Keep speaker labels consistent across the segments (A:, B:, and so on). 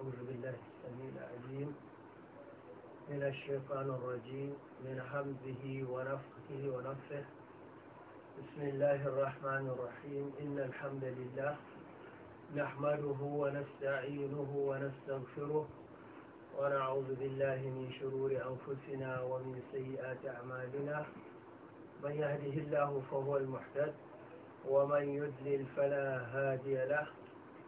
A: أعوذ بالله السميع العليم من الشيطان الرجيم من حمده ونفخه ونفخه بسم الله الرحمن الرحيم إن الحمد لله نحمده ونستعينه ونستغفره ونعوذ بالله من شرور أنفسنا ومن سيئات أعمالنا من يهده الله فهو المحتد ومن يدلل فلا هادي له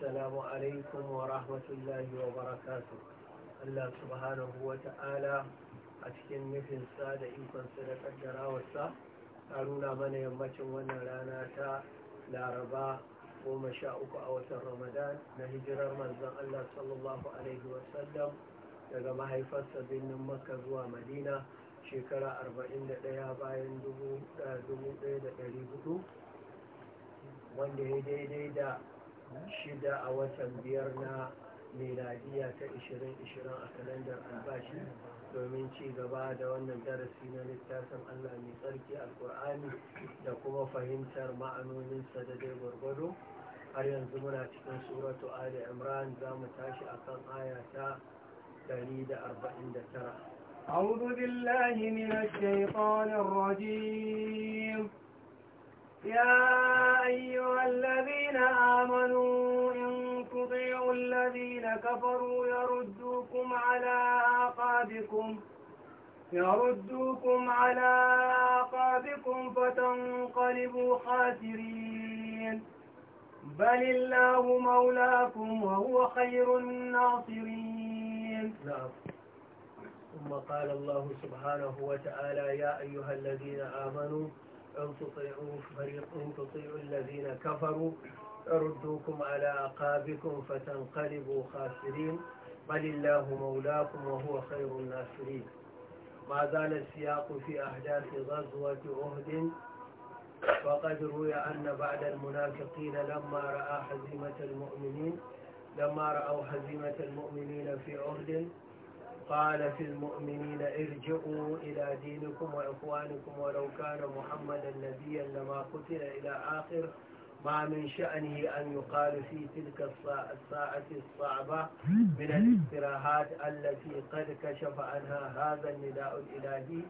A: wa السلام Allah subhanahu الله وبركاته الله سبحانه وتعالى da مثل سادة إنكم سنة الجراوسة mana yammacin wannan rana ta Laraba, goma sha uku a watan ramadan na hijirar manzon Allah sallallahu Alaihi wasallam daga mahaifarsa birnin makka zuwa madina shekara 41 bayan 1400 wanda ya daidai da shida a watan biyar na miladiya ta 2020 a kalandar albashi domin ci gaba da wannan darasi na littafin Allah mai tsarki alkur'ani da kuma fahimtar ma'anoninsa da dai gwargwado har yanzu muna cikin suratu ali imran za mu tashi kan aya ta 149
B: أعوذ بالله من الشيطان الرجيم يا أيها الذين آمنوا إن تطيعوا الذين كفروا يردوكم على أعقابكم يردوكم على أعقابكم فتنقلبوا خاسرين بل الله مولاكم وهو خير الناصرين نعم
A: ثم قال الله سبحانه وتعالى يا أيها الذين آمنوا أن تطيعوا فريق إن تطيعوا الذين كفروا يردوكم على أعقابكم فتنقلبوا خاسرين بل الله مولاكم وهو خير الناصرين ما زال السياق في أحداث غزوة أهد وقد روي أن بعد المنافقين لما رأى هزيمة المؤمنين لما رأوا هزيمة المؤمنين في أهد قال في المؤمنين ارجعوا إلى دينكم وإخوانكم ولو كان محمدا نبيا لما قتل إلى آخر ما من شأنه أن يقال في تلك الساعة الصعبة من الاستراحات التي قد كشف عنها هذا النداء الإلهي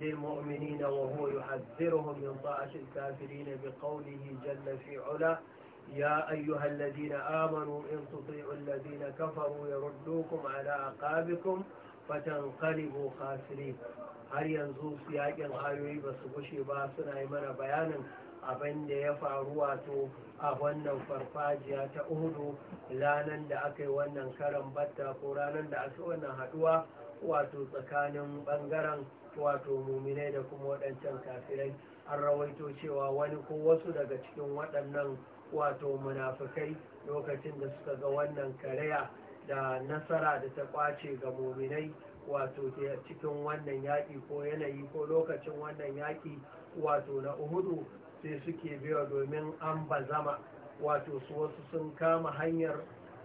A: للمؤمنين وهو يحذرهم من طاعة الكافرين بقوله جل في علا ya يا أيها الذين آمنوا إن تطيعوا الذين كفروا يردوكم على أعقابكم فتنقلبوا kasiri har yanzu su ayoyi ba su gushe ba suna yi mana bayanin abinda ya faru wato a wannan farfajiya ta uhudu ranar da aka yi wannan karan batta ko ranar da aka wannan haduwa wato tsakanin ɓangaren wato muminai da kuma waɗancan kafirai an rawaito cewa wani ko wasu daga cikin waɗannan wato munafikai lokacin da suka ga wannan karaya da nasara da ta kwace ga muminai wato cikin wannan yaƙi ko yanayi ko lokacin wannan yaƙi wato na uhudu sai suke biya domin an bazama wato su wasu sun kama hanyar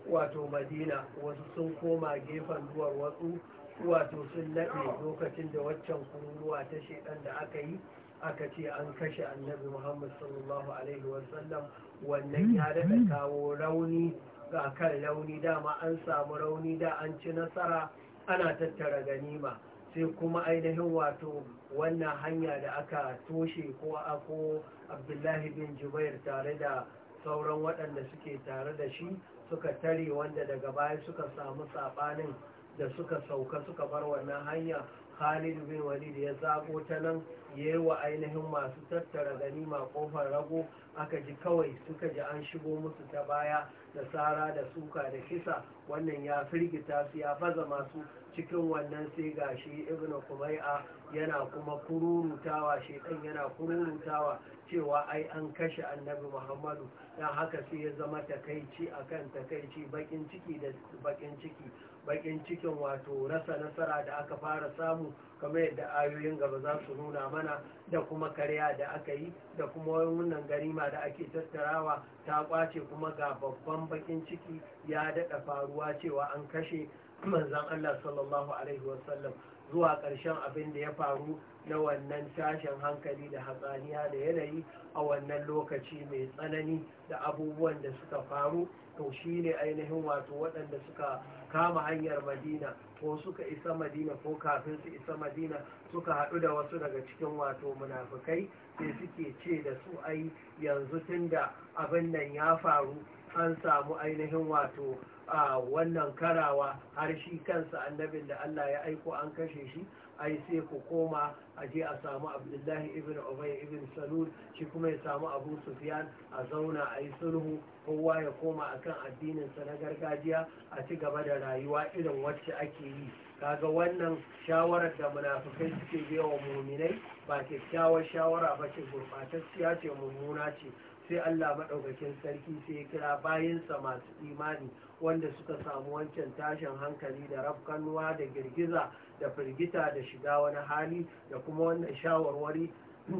A: wato madina wasu sun koma gefen duwar wasu wato sun naɗe lokacin da waccan kururuwa ta shekan da aka yi aka ce an kashe annabi muhammad sallallahu alaihi wasallam wannan ya daɗa kawo rauni ga kan rauni dama an samu rauni da an ci nasara ana tattara ganima sai kuma ainihin wato wannan hanya da aka toshe ko ako abdullahi bin jubair tare da sauran waɗanda suke tare da shi suka tare wanda daga baya suka samu saɓanin da suka sauka suka bar wannan hanya khalid bin walid ya zago ta nan ya yi wa ainihin masu tattara ganima kofar rago aka ji kawai suka ji an shigo musu ta baya da tsara da suka da kisa wannan ya firgita su ya faza masu cikin wannan sai gashi ibnu kumai'a yana kuma kururutawa shekan yana kururutawa cewa ai an kashe annabi muhammadu don haka sai ya zama takaici akan takaici bakin ciki da bakin ciki bakin cikin wato rasa nasara da aka fara samu kamar yadda ayoyin gaba za su nuna mana da kuma karya da aka yi da kuma wannan garima da ake tattarawa ta kwace kuma ga babban bakin ciki ya daɗa faruwa cewa an kashe manzan Allah sallallahu alaihi wasallam zuwa ƙarshen abin da ya faru na wannan tashin hankali da hatsaniya da yanayi a wannan lokaci mai tsanani da abubuwan da suka faru to shi ne ainihin wato waɗanda suka kama hanyar madina ko suka isa madina ko kafin su isa madina suka haɗu da wasu daga cikin wato munafukai sai suke ce da su ai yanzu tun da abin nan ya faru an samu ainihin wato a wannan karawa har shi kansa annabin da Allah ya aiko an kashe shi ai sai ku koma aje a samu abdullahi ibn ubay ibn salul shi kuma ya samu abu sufyan a zauna a yi sulhu kowa ya koma akan addininsa na gargajiya a ci gaba da rayuwa irin wacce ake yi kaga wannan shawarar da munafukai suke biyawa muminai ba kyakkyawar shawara ba ce gurɓatacciya ce mummuna ce sai Allah maɗaukakin sarki sai ya kira bayansa masu imani wanda suka samu wancan tashin hankali da rafkanuwa da girgiza da firgita da shiga wani hali da kuma wannan shawarwari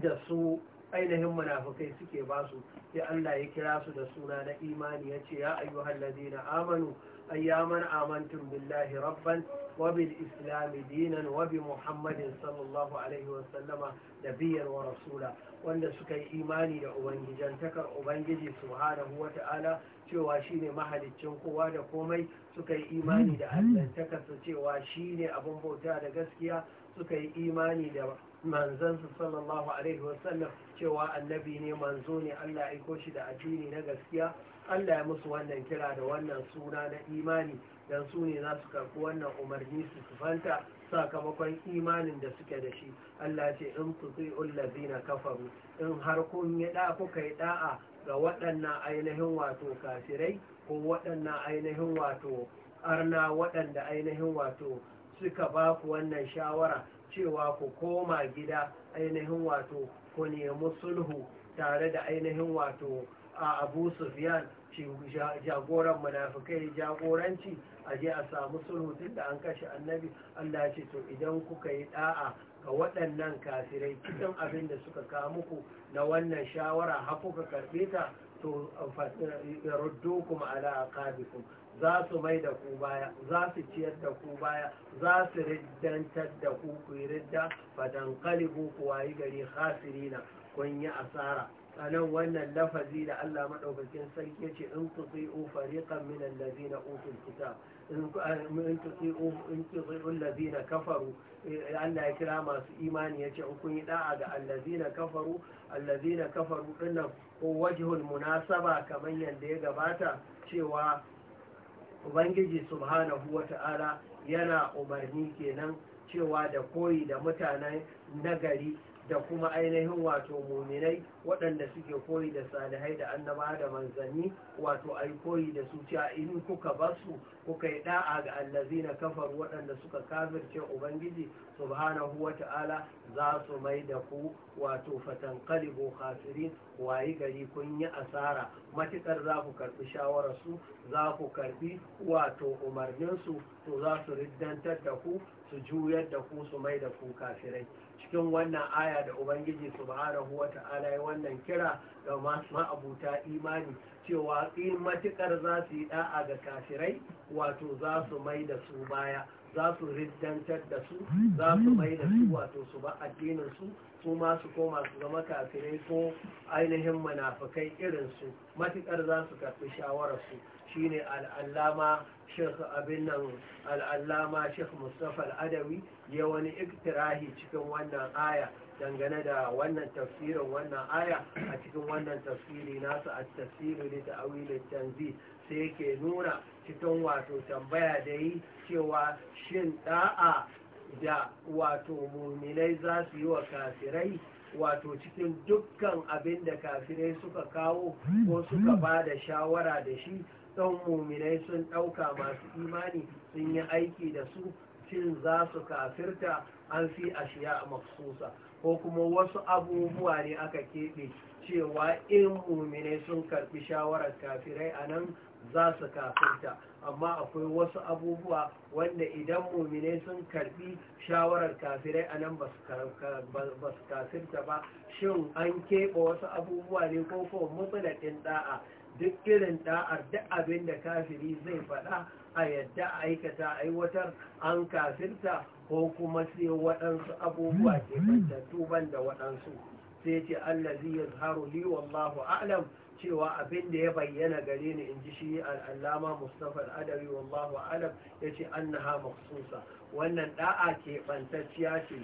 A: da su ainihin munafukai suke basu sai Allah ya kira su da suna na imani ya ce ya ayyuhal ladina amanu ayyaman amantum billahi rabban wa bil islami dinan wa bi muhammadin sallallahu alaihi wa sallama nabiyyan wa rasula wanda suka yi imani da ubangijantakar ubangiji subhanahu huwa ta'ala cewa shine mahaliccin kowa da komai suka yi imani da hmm. Hmm. allantakarsa cewa shine abin bauta da gaskiya suka yi imani da manzansa sallallahu alaihi wasallam cewa annabi ne manzo ne Allah aiko shi da addini na gaskiya Allah ya musu wannan kira da wannan suna na imani dan su ne za su karɓi wannan umarni su fanta. sakamakon imanin da suke da shi Allah ce in tuti ullazina kafaru in har kun yi da kuka yi da'a ga waɗannan ainihin wato kafirai ko waɗannan ainihin wato arna waɗanda ainihin wato suka ba ku wannan shawara cewa ku koma gida ainihin wato ku nemi sulhu tare da ainihin wato a abu sufyan jagoran munafikai jagoranci a je a samu sulhu tun da an kashe annabi Allah ce to idan kuka yi da'a ga waɗannan kafirai cikin abin da suka kawo muku na wannan shawara har kuka karɓe ta to ruddukum ala aqabikum za su mai da ku baya za su ciyar da ku baya za su riddantar da ku ku yi ridda fadan kalibu ku wayi gari hasirina kun yi asara anan wannan lafazi da Allah maɗaukakin sarki ce in u fariqan min allazina utul kitab in u in u allazina kafaru eh, Allah ya kira masu imani yace in kun yi da'a ga allazina kafaru allazina kafaru dinnan ko wajhul munasaba kamar yanda ya gabata cewa ubangiji subhanahu wata'ala yana umarni kenan cewa da koyi da mutanen nagari da kuma ainihin wato muminai waɗanda suke koyi da salihai da annaba da manzanni wato ai koyi da su cewa in kuka basu kuka yi da'a ga allazi na kafar waɗanda suka kafirce ubangiji subhanahu wa ta'ala za su mai da ku wato fatan kalibu khasirin wayi gari kun yi asara matukar za ku karbi shawararsu za ku wato umarninsu to za su riddantar da ku su juyar da ku su mai da ku kafirai cikin wannan aya da ubangiji su subhanahu wa ta'ala ya wannan kira ga masu ma'abuta imani cewa in matukar za su yi ɗa'a ga kafirai wato za su mai da su baya za su riddantar da su za su mai da su wato su ba addinin su su ma su koma su zama kafirai ko ainihin munafukai irin su matukar za su karɓi shawararsu. shine al'allama shekh abin nan al'allama shekh mustapha al'adawi ya wani iktirahi cikin wannan aya dangane da wannan tafsirin wannan aya a cikin wannan tafsiri nasu a tafsirin da ta'awilin tanzi sai yake nuna cikin wato tambaya da yi cewa shin da'a da wato muminai za su yi wa kafirai wato cikin dukkan abin da kafirai suka kawo ko suka ba da shawara da shi ɗan muminai sun ɗauka masu imani sun yi aiki da su cin za su kafirta an fi ashiya a maksusa ko kuma wasu abubuwa ne aka keɓe cewa in muminai sun karɓi shawarar kafirai anan nan za su kafirta amma akwai wasu abubuwa wanda idan muminai sun karɓi shawarar kafirai a nan ba su kafirta ba shin an keɓe wasu abubuwa ne ko kuma ɗin ɗa'a. duk irin da'ar duk abin da kafiri zai faɗa a yadda aikata aiwatar an kafirta ko kuma sai waɗansu abubuwa ke bantattu ban da waɗansu sai ce allazi ya zaharu li wallahu a'lam cewa abin da ya bayyana gare ni in ji shi al'allama mustapha al'adawi wallahu a'lam ya ce annaha maksusa wannan da'a ke bantacciya ce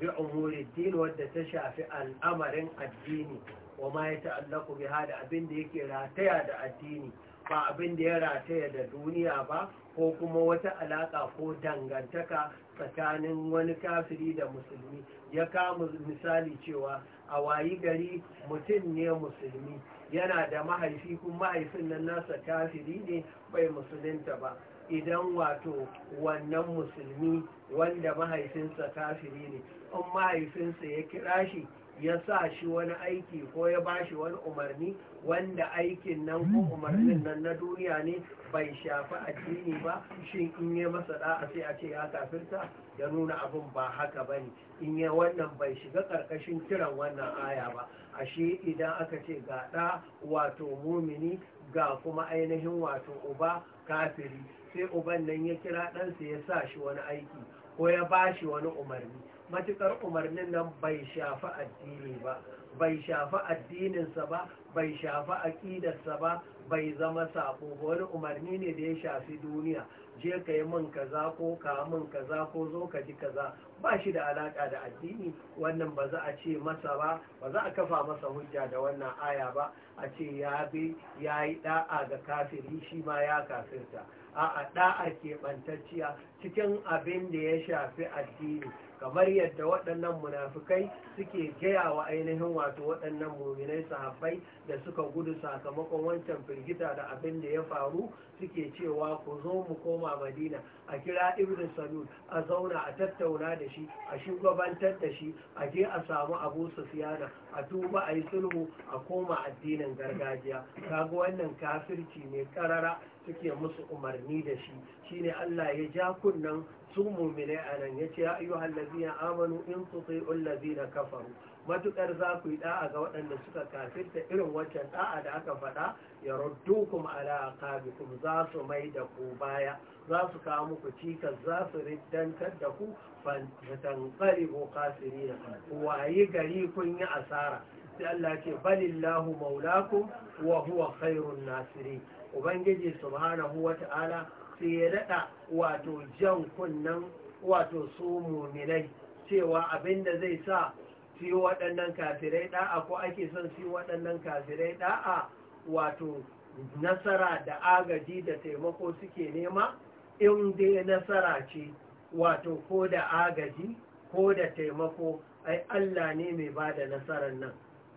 A: bi umuriddin wadda ta shafi al'amarin addini wa ma ya ta'allaku biha da abin da yake rataya da addini ba abin da ya rataya da duniya ba ko kuma wata alaƙa ko dangantaka tsakanin wani kafiri da musulmi ya kama misali cewa a wayi gari mutum ne musulmi yana da mahaifi kuma mahaifin nan nasa kafiri ne bai musulunta ba idan wato wannan musulmi wanda mahaifinsa kafiri ne in mahaifinsa ya kira shi ya sa shi wani aiki ko ya ba shi wani umarni wanda aikin nan ko umarnin nan na duniya ne bai shafi addini ba shi in yi masa da'a sai a ce ya kafirta ya nuna abin ba haka ba ne in yi wannan bai shiga karkashin kiran wannan aya ba ashe idan aka ce ga ɗa wato mumini ga kuma ainihin wato uba kafiri sai uban nan ya kira ɗansa ya sa shi wani aiki ko ya ba shi wani umarni matuƙar umarnin nan bai shafi addini ba bai shafi addininsa ba bai shafi aƙidarsa ba bai zama saƙo ba wani umarni ne da ya shafi duniya je ka yi min kaza ko ka min kaza ko zo ka ji kaza ba shi da alaƙa da addini wannan ba za a ce masa ba ba za a kafa masa hujja da wannan aya ba a ce ya bi ya yi ɗa'a ga kafiri shi ma ya kafirta a'a ɗa'a keɓantacciya cikin abin da ya shafi addini kamar yadda waɗannan munafukai suke gaya wa ainihin wato waɗannan muminai sahabbai da suka gudu sakamakon wancan firgita da abin da ya faru suke cewa ku zo mu koma madina a kira ibn salul a zauna a tattauna da shi a shugabantar da shi a je a samu abu sufiyana a tuba a yi sulhu a koma addinin gargajiya kaga wannan kafirci mai karara suke musu umarni da shi shine Allah ya ja kunnan su mummune a nan ya ce ya ayyu hallazina amanu in tuti'u na kafaru matukar za ku yi da'a ga waɗanda suka kafirta irin waccan da'a da aka faɗa ya kum ala aqabikum za su mai da ku baya za su kawo muku cikas za su riddantar da ku fatan qalibu khasirina waye gari kun yi asara sai Allah ce balillahu maulakum wa huwa khairun nasiri. ubangiji subhanahu wata'ala sai ya daɗa wato jan kunnen wato su muminai cewa abinda zai sa su yi waɗannan kafirai ɗa'a ko ake son su yi waɗannan kafirai ɗa'a wato nasara da agaji da taimako suke nema in dai nasara ce wato ko da agaji ko da taimako ai Allah ne mai ba da nasarar nan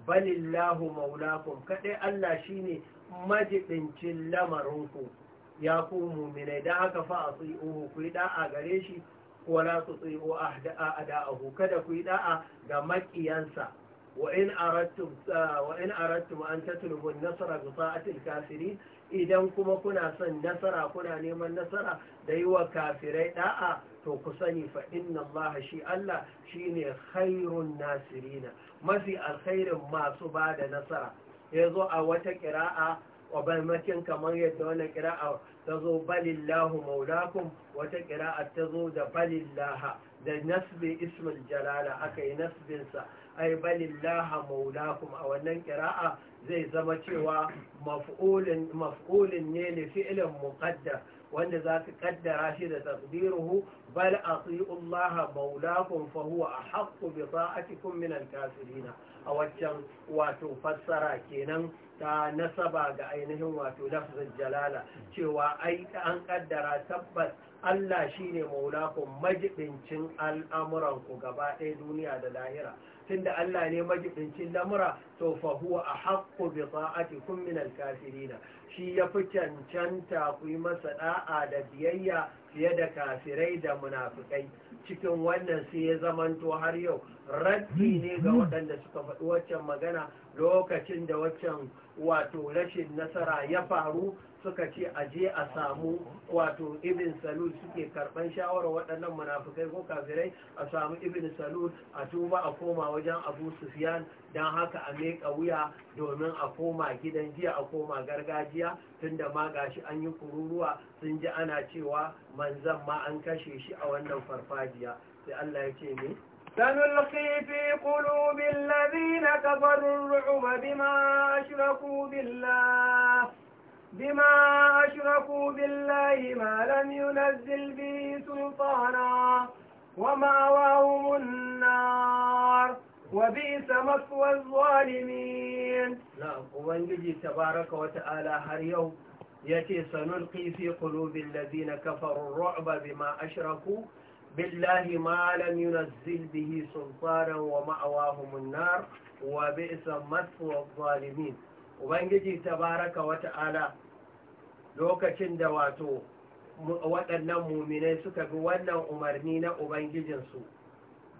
A: balillahu maulakum kaɗai Allah shine majibincin lamarinku ya ku muminai da haka fa a tsi'uhu ku yi da'a gare shi wala su tsi'u a da'ahu kada ku yi da'a ga makiyansa wa in arattum an tatlubu nasara bi ta'atil kafirin idan kuma kuna son nasara kuna neman nasara da yi wa kafirai da'a to ku sani fa inna Allah shi Allah shine khairun nasirina mafi alkhairin masu ba da nasara ya zo a wata kira'a wa kamar yadda wani kira'a ta zo balillahu maulakun wata kira'a ta zo da balillaha da nasbi ismul jalala aka yi nasbinsa ai balillaha maulakun a wannan kira'a zai zama cewa maf'ulin ne ne fi'ilin muqaddar wanda za ka kaddara shi da taqdiruhu bal atiullaha maulakun fahuwa a ahqqu bi ta'atikum min minan kafirin a waccan wato fassara kenan ta nasaba ga ainihin wato lafzin jalala cewa ai an kaddara tabbas Allah shine maulakum majibincin al'amuranku gaba ɗaya duniya da lahira tunda Allah ne majibincin lamura to fa huwa ahaqqu bi ta'atikum min al shi ya fi cancanta ku yi masa ɗa'a da biyayya fiye da kafirai da munafikai cikin wannan sai ya zamanto har yau raddi ne ga waɗanda suka faɗi waccan magana lokacin da waccan wato rashin nasara ya faru suka ce a je a samu wato ibn salul suke karban shawara waɗannan munafukai ko kafirai a samu ibn salul a tuba a koma wajen abu sufyan don haka a meka wuya domin a koma gidan jiya a koma gargajiya tunda ma gashi an yi kururuwa sun ji ana cewa manzan ma an kashe shi a wannan farfajiya sai allah ya ce ne سنلقي
B: في قلوب الذين كفروا الرعب بما أشركوا بالله بما أشركوا بالله ما لم ينزل به سلطانا ومأواهم النار وبئس مثوى الظالمين نعم ونجي
A: تبارك وتعالى هر يوم يتي سنلقي في قلوب الذين كفروا الرعب بما أشركوا billahi ma lam yunzil bihi sultanan wa ma'awahum an wa ubangiji tabaraka wa ta'ala lokacin da wato waɗannan muminai suka bi wannan umarni na ubangijinsu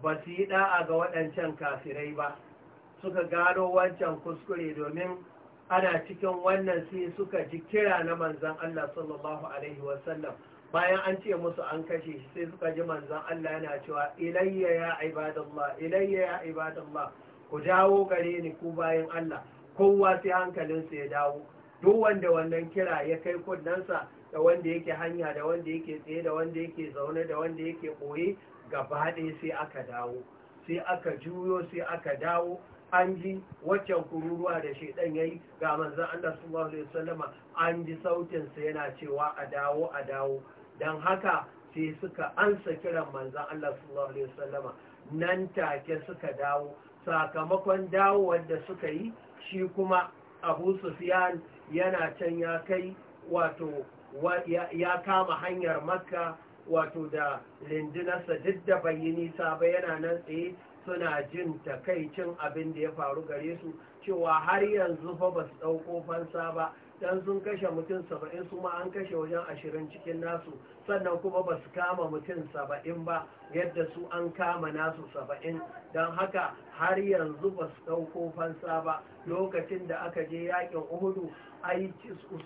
A: ba su yi ɗa'a ga waɗancan kafirai ba suka gano wancan kuskure domin ana cikin wannan sai suka ji kira na manzan Allah sallallahu Alaihi wasallam bayan an ce musu an kashe shi sai suka ji manzon Allah yana cewa ilayya ya ibadallah ilayya ya ibadallah ku dawo gare ni ku bayan Allah kowa sai hankalinsa ya dawo duk wanda wannan kira ya kai kunnansa da wanda yake hanya da wanda yake tsaye da wanda yake zaune da wanda yake koye gaba ɗaya sai aka dawo sai aka juyo sai aka dawo an ji waccan kururuwa da shaidan yayi ga manzon Allah sallallahu alaihi wasallama an ji sautin sa yana cewa a dawo a dawo don haka sai suka ansa kiran manzan Allah sallallahu Alaihi wasallama nan take suka dawo sakamakon dawo da suka yi shi kuma abu sufyan yana can ya kai wato ya kama hanyar makka wato da lindinarsa duk da bayi nisa ba yana nan tsaye suna jin takaicin abin da ya faru gare su cewa har yanzu fa ba su ɗauko fansa ba dan sun kashe mutum saba'in su ma an kashe wajen ashirin cikin nasu sannan kuma ba su kama mutum saba'in ba yadda su an kama nasu saba'in don haka har yanzu ba su ɗauko fansa ba lokacin da aka je yakin uhudu ai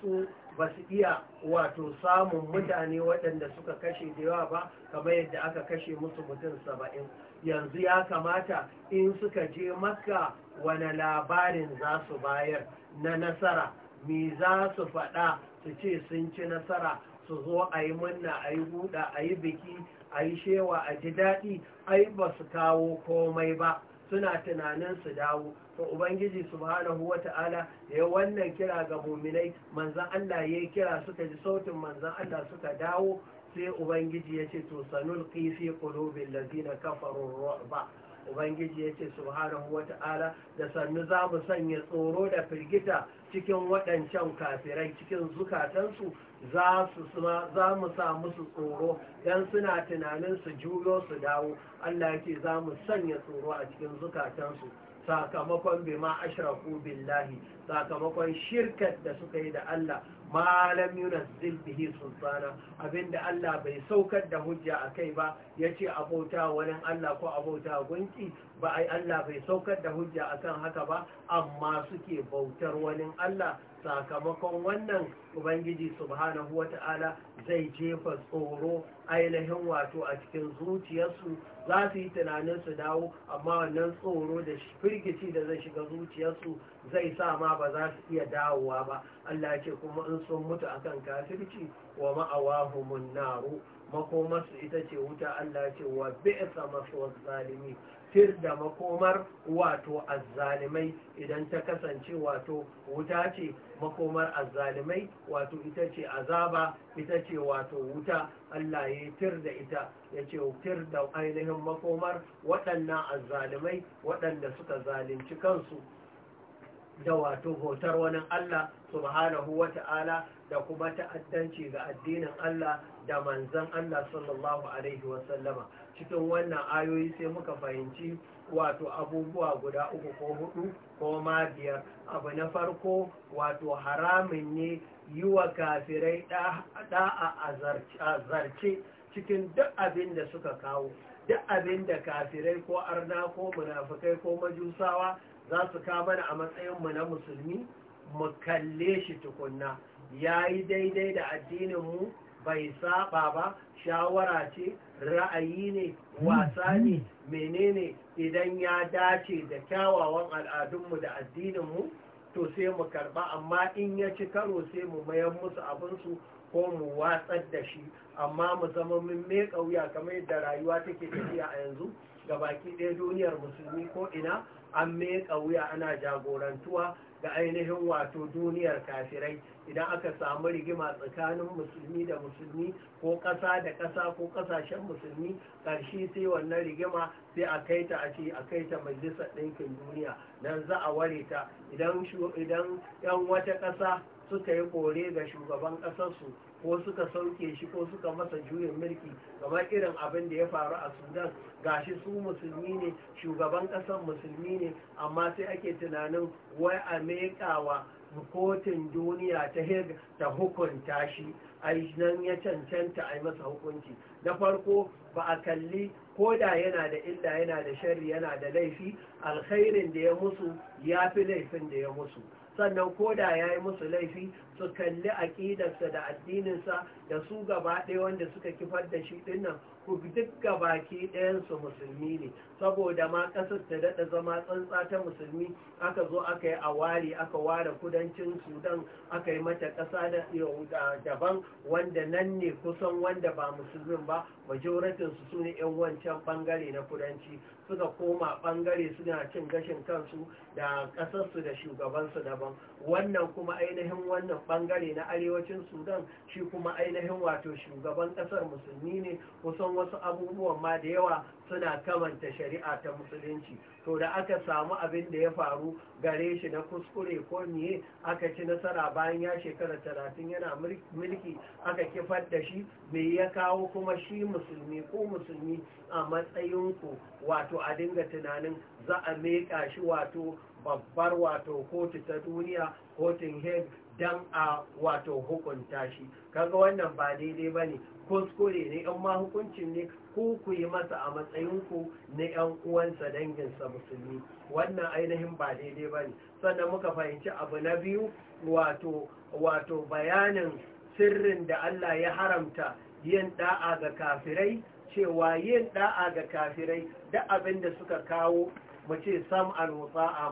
A: su ba su iya wato samun mutane waɗanda suka kashe da yawa ba kamar yadda aka kashe musu mutum saba'in yanzu ya kamata in suka je makka wani labarin za su bayar na nasara me za su faɗa su ce sun ci nasara su zo a yi munna a yi buɗa a yi biki a yi shewa a ji daɗi ai ba su kawo komai ba suna tunanin su dawo to ubangiji subhanahu wata'ala ya wannan kira ga muminai manzan Allah ya yi kira suka ji sautin manzan Allah suka dawo sai ubangiji ya ce to sanul fi qulubil ladina kafarun ba. ubangiji ya ce subhanahu wata'ala da sannu za mu sanya tsoro da firgita cikin waɗancan kafirai cikin zukatansu za mu sa musu tsoro don suna tunanin su juyo su dawo Allah ce za mu sanya tsoro a cikin zukatansu sakamakon bima ashraku billahi sakamakon shirkar da suka yi da Allah ma lam yunzil bihi sultana abinda Allah bai saukar da hujja akai ba yace abota wurin Allah ko abota gunki ba ai Allah bai saukar da hujja akan haka ba amma suke bautar wani Allah sakamakon wannan ubangiji subhanahu ta'ala zai jefa tsoro ainihin wato a cikin zuciyarsu za su yi tunanin su dawo amma wannan tsoro da firgici da zai shiga zuciyarsu zai sa ma ba za su iya dawowa ba Allah ce kuma in sun mutu akan kafirci wa mun naru makomarsu ita ce wuta Allah ce wa bi'sa masu zalimi tir da makomar wato azzalimai idan ta kasance wato wuta ce makomar azzalimai wato ita ce azaba ita ce wato wuta Allah ya da ita ya ce tir da ainihin makomar waɗannan azzalimai waɗanda suka zalunci kansu da wato bautar wani Allah subhanahu wa ta'ala da kuma ta'addanci ga addinin Allah da manzan Allah sallallahu alaihi wasallama cikin wannan ayoyi sai muka fahimci wato abubuwa guda uku ko hudu ko ma biyar abu na farko wato haramin ne yi wa kafirai da'a a zarce cikin duk abin da suka kawo duk abin da kafirai ko arna ko munafukai ko majusawa za su kama a matsayinmu na musulmi mu kalle shi tukunna ya yi daidai da addininmu bai saba ba shawara ce ra'ayi ne wasa ne menene idan ya dace da kyawawan al'adunmu da addininmu to sai mu karba amma in ya ci karo sai mu mayan musu abinsu ko mu watsar da shi amma mu zama mun me kauya kamar yadda rayuwa take tafiya a yanzu ga baki ɗaya duniyar musulmi ko ina an meka wuya ana jagorantuwa ga ainihin wato duniyar kafirai idan aka samu rigima tsakanin musulmi da musulmi ko ƙasa da ƙasa ko ƙasashen musulmi ƙarshe sai wannan rigima sai a kai ta a ce a kai ta majalisar ɗinkin duniya nan za a ware ta idan yan wata ƙasa suka yi kore ga shugaban ƙasarsu ko suka sauke shi ko suka masa juyin mulki kamar irin abin da ya faru a sudan shi su musulmi ne shugaban ƙasar musulmi ne amma sai ake tunanin wai a wa kotun duniya ta heg ta hukunta shi a nan ya cancanta a masa hukunci na farko ba a kalli ko da yana da illa yana da sharri yana da laifi alkhairin da ya musu ya fi laifin da ya musu sannan ko da ya yi musu laifi su kalli aƙidarsa da addininsa da su gaba ɗaya wanda suka kifar da shi nan ku duk ki ɗayansu musulmi ne saboda ma ƙasar ta daɗa zama tsantsa ta musulmi aka zo aka yi a awari aka ware kudancin sudan aka yi mata ƙasa da daban wanda nan ne kusan wanda ba musulmin ba majoratinsu su ne 'yan wancan ɓangare na kudanci suka koma ɓangare suna cin gashin kansu da ƙasarsu da shugabansu daban wannan kuma ainihin wannan bangare na arewacin sudan shi kuma ainihin wato shugaban kasar musulmi ne kusan wasu abubuwan ma da yawa suna kamanta shari'a ta musulunci to da aka samu abin da ya faru gare shi na kuskure ko miye aka ci nasara bayan ya shekara talatin yana mulki aka kifar da shi me ya kawo kuma shi musulmi ko musulmi a matsayinku wato a dinga tunanin za a meka shi wato babbar wato kotu ta duniya kotun hague Dan a wato hukunta shi kaga wannan ba daidai ba ne kuskure ne yan ma hukuncin ne Ko ku yi masa a matsayinku na yan uwansa danginsa musulmi wannan ainihin ba daidai ba ne sannan muka fahimci abu na biyu wato wato bayanin sirrin da Allah ya haramta yin da'a ga kafirai cewa yin da'a ga kafirai da abin da suka kawo mu ce sam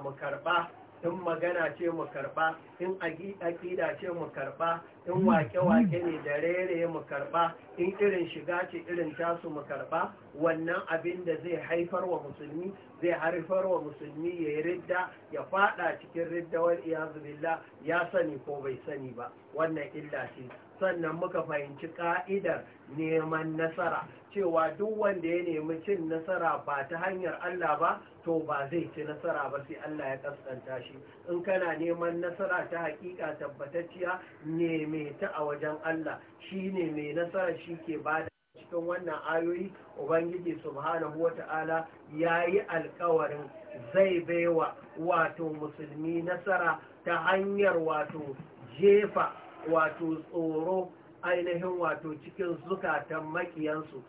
A: mu karɓa. in magana ce mu karba in aƙida ce mu karba in wake-wake ne da rere mu karba in irin shiga ce irin tasu mu karba wannan abin da zai haifar wa musulmi zai haifar wa musulmi ya yi ridda ya fada cikin riddawar iyazu billah ya sani ko bai sani ba wannan illa ce sannan muka fahimci ka'idar neman nasara cewa duk wanda ya nemi cin nasara ba ta hanyar Allah ba to ba zai ci nasara ba sai Allah ya kaskanta shi in kana neman nasara ta hakika tabbatacciya neme ta a wajen Allah shi ne mai nasara shi ke bada cikin wannan ayoyi ubangiji subhanahu ta'ala ya yi alkawarin zai baiwa wato musulmi nasara ta hanyar wato jefa wato tsoro ainihin wato cikin zukatan makiyansu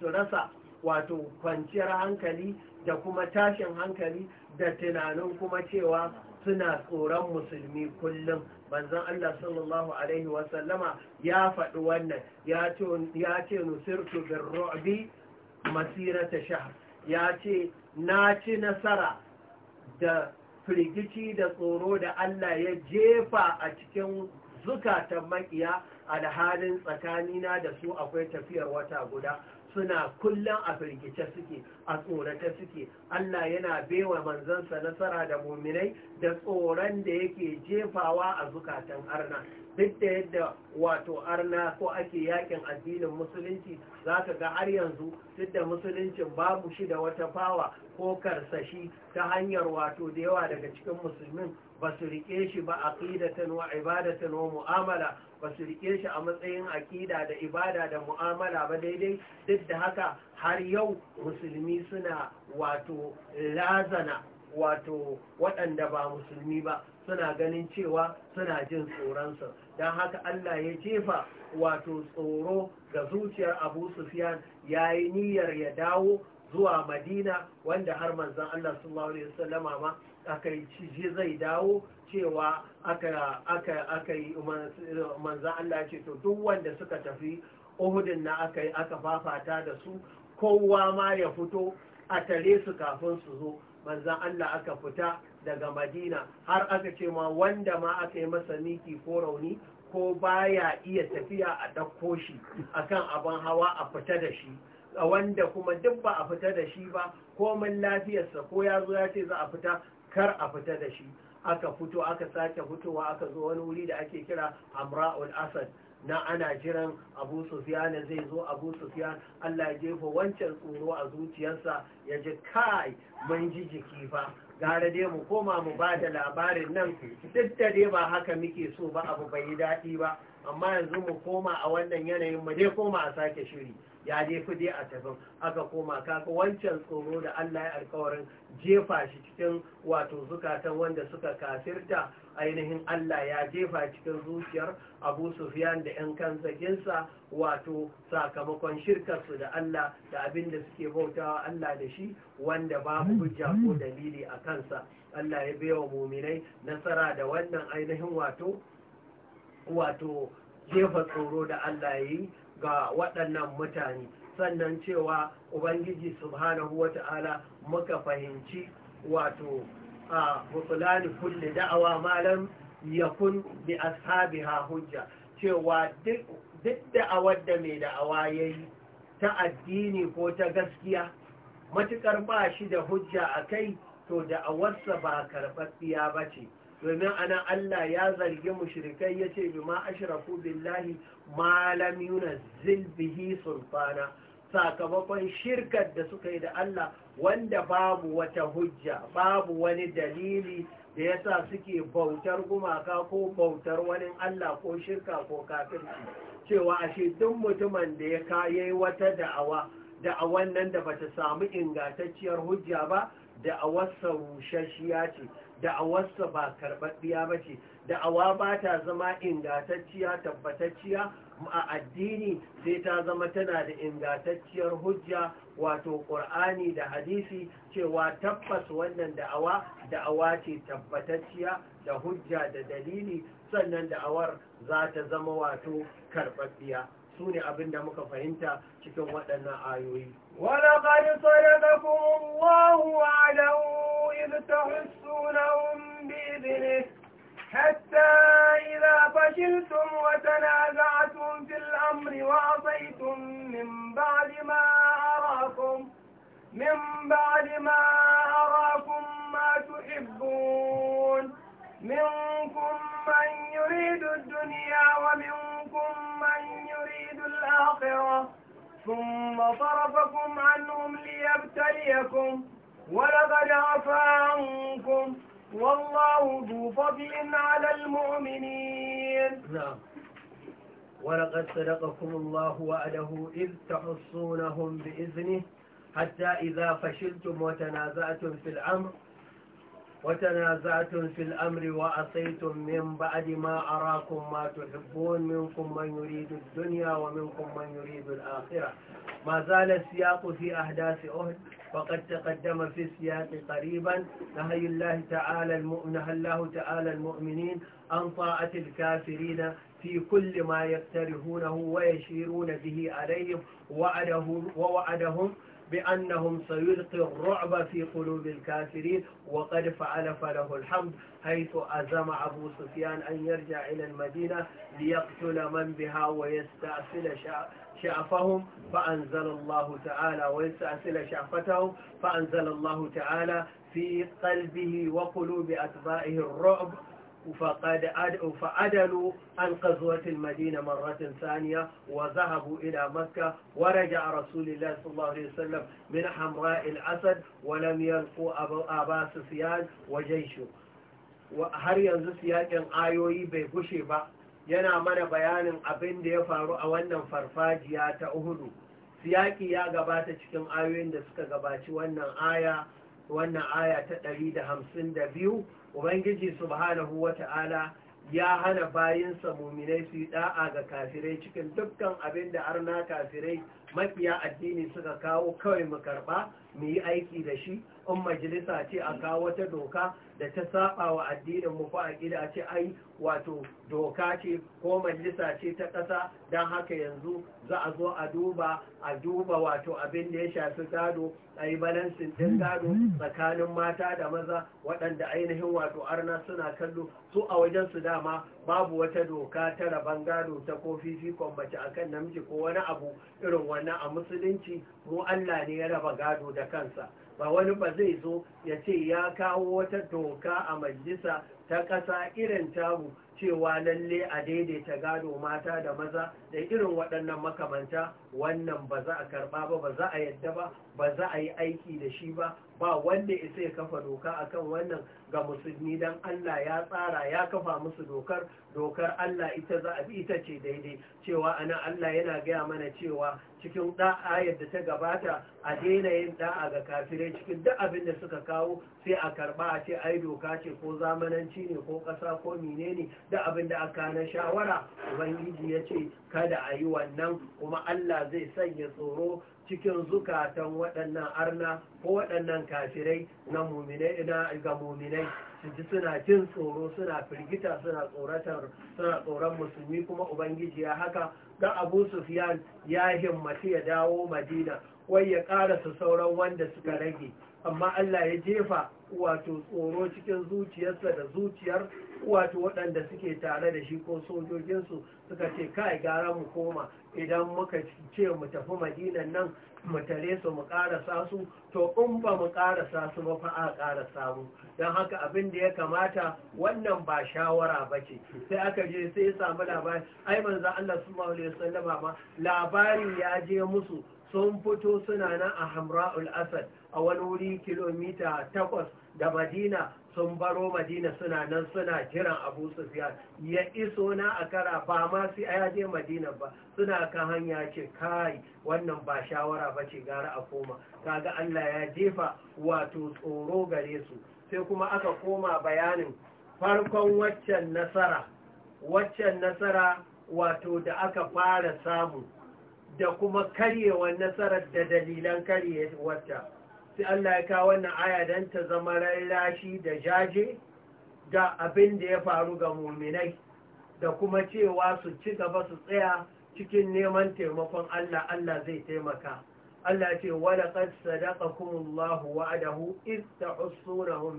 A: su rasa wato kwanciyar hankali da kuma tashin hankali da tunanin kuma cewa suna tsoron musulmi kullum manzon Allah sallallahu alaihi wasallama ya faɗi wannan ya ce nusirtu bin ru'bi masirata shahar ya ce na ci nasara da firgici da tsoro da Allah ya jefa a cikin zukatan makiya alhalin tsakanina da su akwai tafiyar wata guda suna kullum a firgice suke a tsorata suke Allah yana baiwa manzansa nasara da muminai da tsoron da yake jefawa a zukatan arna duk da yadda wato arna ko ake yakin addinin musulunci za ka ga har yanzu duk da musuluncin babu shi da wata fawa ko karsashi ta hanyar wato da yawa daga cikin musulmin ba su rike shi ba aqidatan wa ibadatan wa mu'amala ba su rike shi a matsayin aƙida da ibada da mu'amala ba daidai duk da haka har yau musulmi suna wato lazana wato waɗanda ba musulmi ba suna ganin cewa suna jin tsoronsa don haka Allah ya jefa wato tsoro ga zuciyar abu sufiyan ya yi niyyar ya dawo zuwa madina wanda har manzan Allah sallallahu alaihi wasallama ma aka yi zai dawo cewa aka aka yi manzan Allah ce to duk wanda suka tafi Uhudin na aka yi aka fafata da su kowa ma ya fito a tare su kafin su zo manzan Allah aka fita daga madina har aka ce ma wanda ma aka yi masa miki ko rauni ko baya iya tafiya a ɗauko shi a kan abin hawa a fita da shi wanda kuma duk ba a fita da shi ba ko komin lafiyarsa ko ya zo ya ce za a fita kar a fita da shi aka fito aka sake fitowa aka zo wani wuri da ake kira amra'ul asad na ana jiran abu sufiyan zai zo abu sufiyan allah ya jefa wancan tsoro a zuciyarsa ya ji kai mun ji jiki fa gara dai mu koma mu ba da labarin nan duk da dai ba haka muke so ba abu bai yi daɗi ba amma yanzu mu koma a wannan yanayin mu dai koma a sake shiri ya je kudi a tafin aka koma kaka wancan tsoro da Allah ya alkawarin jefa shi cikin wato zukatan wanda suka kafirta ainihin Allah ya jefa cikin zuciyar Abu Sufyan da ‘yan kanzaginsa wato sakamakon shirkarsu da Allah da abin da suke bautawa Allah da shi wanda babu hujja ko dalili a kansa. Allah ya baiwa muminai nasara da wannan ainihin wato jefa tsoro da Allah ya yi ga waɗannan mutane sannan cewa ubangiji subhanahu wata'ala muka fahimci wato a musulani kulle da'awa malam yakun bi ashabiha hujja cewa duk da'awar da mai da'awa ya yi ta addini ko ta gaskiya matukar ba shi da hujja a kai to da'awarsa ba karɓaɓɓiya ba ce domin ana Allah ya zargi mushrikai ya ce bi ma billahi malam yunazzil bihi sulfana sakamakon shirkar da suka yi da Allah wanda babu wata hujja babu wani dalili da yasa suke bautar gumaka ko bautar wani Allah ko shirka ko kafirci cewa ashe duk mutumin da ya kayi wata da'awa da'awan nan da bata samu ingantacciyar hujja ba da'awarsa rushashiya ce da'awarsa ba karɓaɓɓiya ba ce da'awa ba ta zama ingatacciya tabbatacciya a addini sai ta zama tana da ingatacciyar hujja wato ƙur'ani da hadisi cewa tabbas wannan da'awa da'awa ce tabbatacciya da hujja da dalili sannan da'awar za ta zama wato karɓaɓɓiya su ne abin da muka fahimta cikin waɗannan ayoyi.
B: ولقد صدقكم الله إذ تحسونهم بإذنه حتى إذا فشلتم وتنازعتم في الأمر وعصيتم من بعد ما أراكم من بعد ما أراكم ما تحبون منكم من يريد الدنيا ومنكم من يريد الآخرة ثم صرفكم عنهم ليبتليكم ولقد عفا عنكم والله ذو فضل على المؤمنين نعم
A: ولقد صدقكم الله وعده إذ تحصونهم بإذنه حتى إذا فشلتم وتنازعتم في الأمر وتنازعتم في الأمر وأصيتم من بعد ما أراكم ما تحبون منكم من يريد الدنيا ومنكم من يريد الآخرة ما زال السياق في أحداث أهد وقد تقدم في السياق قريبا نهي الله تعالى نهى الله تعالى المؤمنين عن طاعة الكافرين في كل ما يقترهونه ويشيرون به عليهم وعدهم, ووعدهم بأنهم سيلقي الرعب في قلوب الكافرين وقد فعل فله الحمد حيث أزم أبو سفيان أن يرجع إلى المدينة ليقتل من بها ويستأصل شعب شعفهم فأنزل الله تعالى ويستأصل شعفتهم فأنزل الله تعالى في قلبه وقلوب أتباعه الرعب فقد فعدلوا عن قزوة المدينة مرة ثانية وذهبوا إلى مكة ورجع رسول الله صلى الله عليه وسلم من حمراء الأسد ولم يلقوا أبا سفيان وجيشه وهر ينزل سياج آيوي بيكوشي بقى yana mana bayanin abin da ya faru a wannan farfajiya ta uhudu siyaki ya gabata cikin ayoyin da suka gabaci wannan aya wannan aya ta 152 ubangiji subhanahu wata'ala ya hana bayinsa muminai su yi da'a ga kafirai cikin dukkan abin da arna kafirai makiya addini suka kawo kawai mu karba mu yi aiki da shi in majalisa ce a kawo ta doka da ta saba wa addinin mu fa aqida ce ai wato doka ce ko majalisa ce ta kasa dan haka yanzu za a zo a duba a duba wato abin da ya shafi gado a yi din hmm. gado hmm. tsakanin mata da maza waɗanda ainihin wato arna suna kallo su a wajen su dama babu wata doka ta raban gado ta ko fifikon mace akan namiji ko wani abu irin wannan a musulunci mu Allah ne ya raba gado da kansa ba wani ba zai zo ya ce ya kawo wata doka doka a majalisa ta kasa irin tamu cewa lalle a daidaita gado mata da maza da irin waɗannan makamanta wannan ba za a karɓa ba ba za a yadda ba ba za a yi aiki da shi ba ba wanda isa ya kafa doka akan wannan ga musulmi don Allah ya tsara ya kafa musu dokar dokar Allah ita za a bi ita ce daidai cewa ana Allah yana gaya mana cewa cikin da'a yadda ta gabata a daina yin da'a ga kafirai cikin duk abin da suka kawo sai a karɓa a ce ai doka ce ko zamananci ne ko ƙasa ko menene da abin da aka na shawara ubangiji ya ce kada a yi wannan kuma Allah zai sanya tsoro cikin zukatan waɗannan arna ko waɗannan kafirai na muminai na ga muminai su ji suna jin tsoro suna firgita suna tsoratar suna tsoron musulmi kuma ubangiji ya haka ga abu sufyan ya himmatu ya dawo madina wai ya ƙarasa sauran wanda suka rage amma Allah ya jefa wato tsoro cikin zuciyarsa da zuciyar wato waɗanda suke tare da shi ko sojojinsu suka ce kai gara mu koma idan muka ce mu tafi madinan nan mu tare su mu ƙarasa su to in ba mu ƙarasa su ba fa a ƙarasa mu don haka abin da ya kamata wannan ba shawara ba ce sai aka je sai ya samu labari ai manzo Allah sallallahu alaihi wasallama ba. labari ya je musu sun fito suna nan a hamra'ul asad a wani wuri kilomita takwas da madina sun baro madina suna nan suna jiran abu sufiyar ya iso na a kara ba ma sai a yaje madina ba suna kan hanya ce kai wannan ba shawara ba ce gara a koma kaga allah ya jefa wato tsoro gare su sai kuma aka koma bayanin farkon waccan nasara waccan nasara wato da aka fara samu da kuma karyewar nasarar da dalilan karyewar wata sai Allah ya kawo wannan aya don ta zama rarrashi da jaje ga abin da ya faru ga muminai da kuma cewa su ci gaba su tsaya cikin neman taimakon Allah Allah zai taimaka Allah ce wada qad sadaqakumullahu wa'adahu iz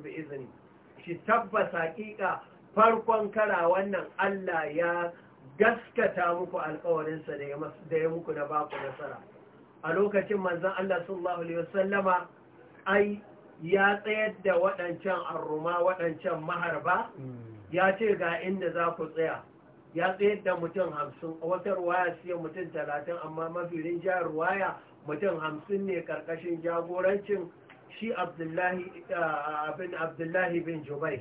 A: bi izni shi tabbas haƙiƙa farkon kara wannan Allah ya gaskata muku alƙawarin sa da ya muku na baku nasara a lokacin manzon Allah sallallahu alaihi wasallama ai ya tsayar da waɗancan arruma waɗancan maharba hmm. ya ce ga inda za ku tsaya ya tsayar da mutum hamsin a wata ruwaya siya mutum talatin amma mafi rinjiyar ruwaya mutum hamsin ne karkashin jagorancin shi abdullahi bin jubai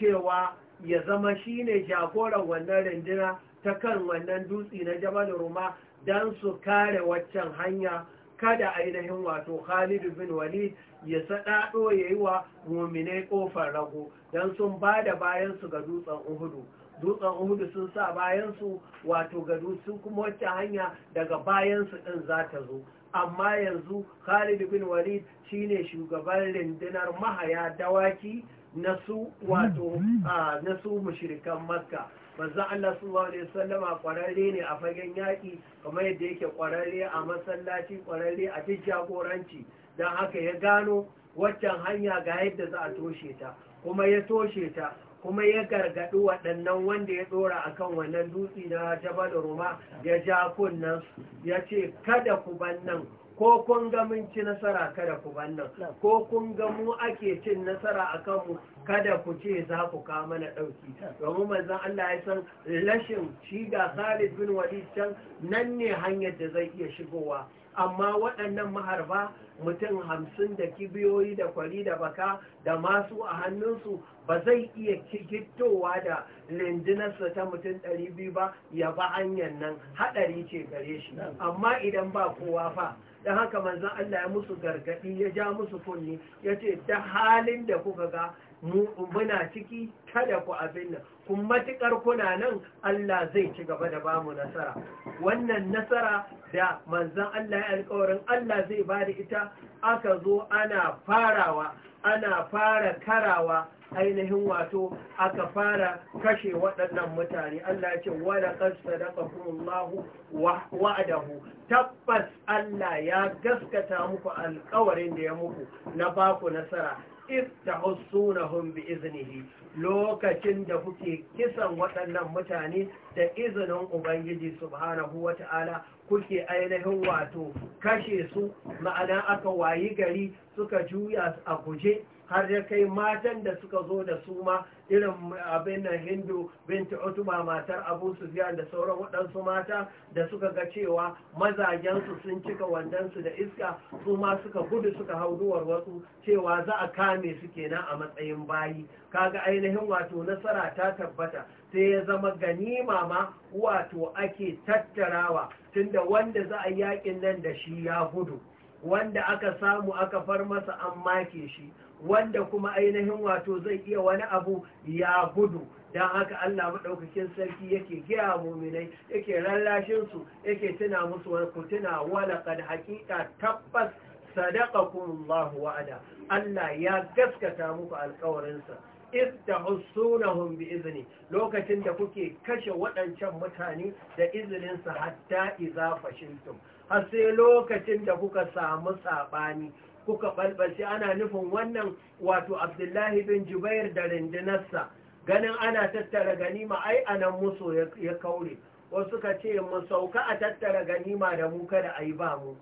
A: cewa ya zama shi ne jagoran wannan rindina ta kan wannan dutse na jamanin ruma don su kare waccan hanya kada ainihin wato Khalid bin Walid ya saɗaɗo ya yi wa muminai ƙofar rago don sun ba da bayansu ga dutsen Uhudu. Dutsen Uhudu sun sa bayansu wato ga dutsu kuma wacce hanya daga bayansu ɗin za ta zo. Amma yanzu Khalid bin Walid shine shugaban rindunar mahaya dawaki na su wato na mushrikan makka manzo Allah sallallahu alaihi sallama kwararre ne a fagen yaki kamar yadda yake kwararre a masallaci kwararre a duk jagoranci dan haka ya gano waccan hanya ga yadda za a toshe ta kuma ya toshe ta kuma ya gargaɗi waɗannan wanda ya ɗora a kan wannan dutse na jabal roma ya ja kunnan ya ce kada ku ban nan ko kun ga mun ci nasara kada ku bannan ko kun ga mu ake cin nasara a kanmu kada ku ce za ku kawo mana ɗauki domin manzan Allah ya san lashin shi ga Khalid bin Walid can nan ne hanyar da zai iya shigowa amma waɗannan maharba mutum hamsin da kibiyoyi da kwari da baka da masu a hannunsu ba zai iya kikitowa da lindinarsa ta mutum ɗari biyu ba ya ba hanyar nan haɗari ce gare shi amma idan ba kowa fa da haka manzan Allah ya musu gargadi ya ja musu kunni ya ce ta halin da kuka ga mu muna ciki kada ku abin nan kun matuƙar kuna nan Allah zai ci gaba da bamu nasara wannan nasara da manzan Allah ya alƙawarin Allah zai ba da ita aka zo ana farawa ana fara karawa ainihin wato aka fara kashe waɗannan mutane Allah ya ce wala qad sadaqakumullahu wa'adahu tabbas Allah ya gaskata muku alƙawarin da ya muku na baku nasara if na hunbi, izinihi. lokacin da kuke kisan waɗannan mutane da izinin Ubangiji subhanahu ta'ala kuke ainihin wato kashe su ma'ana aka wayi gari suka juya a guje har ya kai matan da suka zo da su ma irin abin nan hindu binti utuma matar abu biya da sauran waɗansu mata da suka ga cewa mazajensu sun cika wandansu da iska su ma suka gudu suka hau duwar wasu cewa za a kame su kenan a matsayin bayi kaga ainihin wato nasara ta tabbata sai ya zama ganima ma wato ake tattarawa tunda wanda za a yakin nan da shi ya gudu wanda aka samu aka far masa an make shi wanda kuma ainihin wato zai iya wani abu ya gudu don haka Allah maɗaukakin sarki yake gaya muminai yake rallashinsu yake tuna musu wani tuna kan hakika tabbas sadaqakum Allah wa'ada Allah ya gaskata muku alƙawarinsa istahussunahum bi izini, lokacin da kuke kashe waɗancan mutane da izininsa hatta idza fashiltum har sai lokacin da kuka samu saɓani kuka ɓalɓalci ana nufin wannan wato abdullahi bin jubair da rindinarsa ganin ana tattara ganima ai a nan muso ya kaure wasu suka ce mu sauka a tattara ganima da mu kada a yi ba mu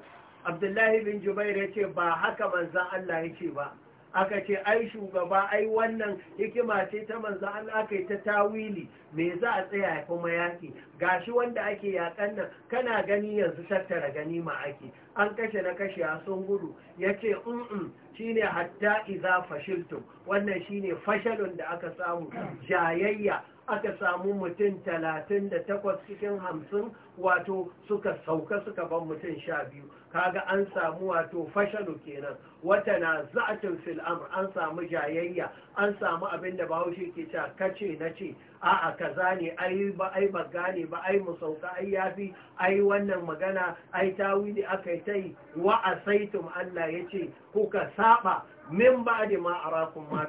A: abdullahi bin jubair ya ce ba haka manzan allah ya ce ba aka ce ai shugaba ai wannan hikima ce ta manzo Allah aka yi ta tawili me za a tsaya ya kuma yaki gashi wanda ake yakan nan kana gani yanzu tattara gani ma ake an kashe na kashe a sun gudu yace um shine hatta idza fashiltum wannan shine fashalun da aka samu jayayya aka samu mutum talatin da takwas cikin hamsin wato suka sauka suka ban mutum sha biyu kaga an samu wato fashalu kenan wata na za'atin fil an samu jayayya an samu abin da bahaushe ke cewa kace na ce a'a kaza ne ai ba ai ba gane ba ai mu sauka ai yafi ai wannan magana ai tawili ta yi. wa asaitum Allah ya yace kuka saba min ba da ma arakun ma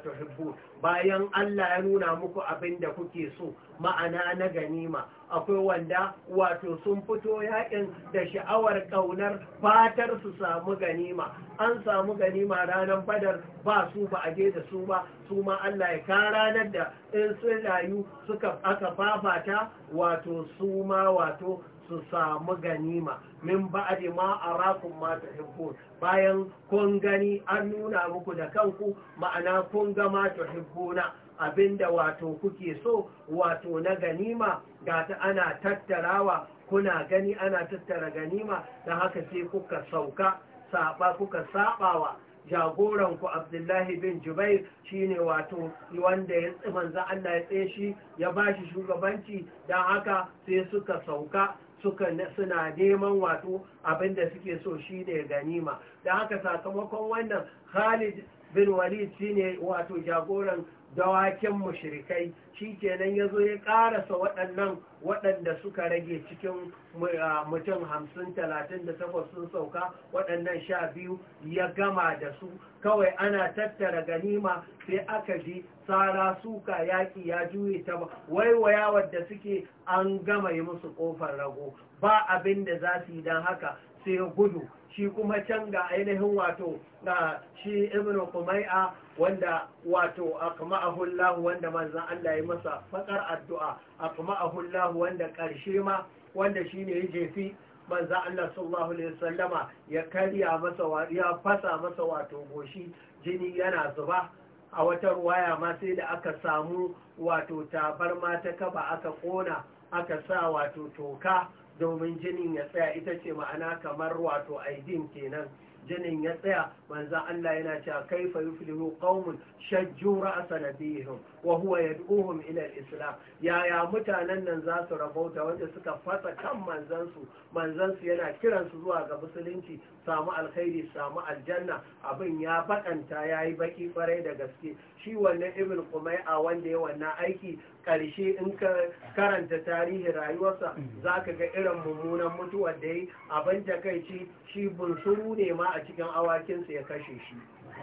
A: bayan Allah ya nuna muku abin da kuke so ma'ana na ganima akwai wanda wato sun fito yakin da sha'awar kaunar fatar su samu ganima an samu ganima ranar badar ba su ba a je da su ba su ma Allah ya ka ranar da in sun rayu suka aka fafata wato su ma wato su samu ganima min ba'di ma rafin mata tuhibbun bayan kun gani an nuna muku da kanku ma'ana kun ga ma tuhibbuna abinda wato kuke so wato na ganima ga ta ana tattarawa kuna gani ana tattara ganima da haka sai kuka sauka saba kuka sabawa jagoranku abdullahi bin jubair shine wato wanda ya manzo Allah ya tsaye shi ya bashi shugabanci don haka sai suka sauka suka suna neman wato abinda suke so shi ne ganima da haka sakamakon wannan khalid bin walid shine wato jagoran dawakin mushrikai shikenan nan ya zo ya karasa waɗannan waɗanda suka rage cikin uh, mutum hamsin talatin da takwas sun sauka waɗannan sha biyu ya gama da su kawai ana tattara ganima sai aka ji tsara suka yaƙi ya juye ta waiwaya wadda suke an gama yi musu ƙofar rago ba abin da za su yi don haka sai gudu shi kuma can ga ainihin wato ga shi ibn kumai'a wanda wato akma'ahu ahullahu wanda manzon Allah ya masa fakar addu'a akma'ahu ahullahu wanda karshe ma wanda shine ya jefi manzon Allah sallallahu alaihi wasallama ya karya masa ya fasa masa wato goshi jini yana zuba a wata ruwaya ma sai da aka samu wato tabarma ta kaba aka kona aka sa wato toka domin jinin ya tsaya ita ce ma'ana kamar wato aidin kenan jinin ya tsaya manzan Allah yana cewa kai yuflihu qaumun shajju ra'sa nabihim wa huwa yad'uhum ila al-islam yaya mutanen nan za su rabauta wanda suka fasa kan manzansu manzansu yana kiransu zuwa ga musulunci samu alkhairi samu aljanna abin ya bakanta yayi yi baki kwarai da gaske shi wannan ibn a wanda ya wannan aiki karshe in ka karanta tarihi rayuwarsa za ka ga irin mummunan mutuwar da ya yi abin takaici shi bunsuru ne ma a cikin awakinsa ya kashe shi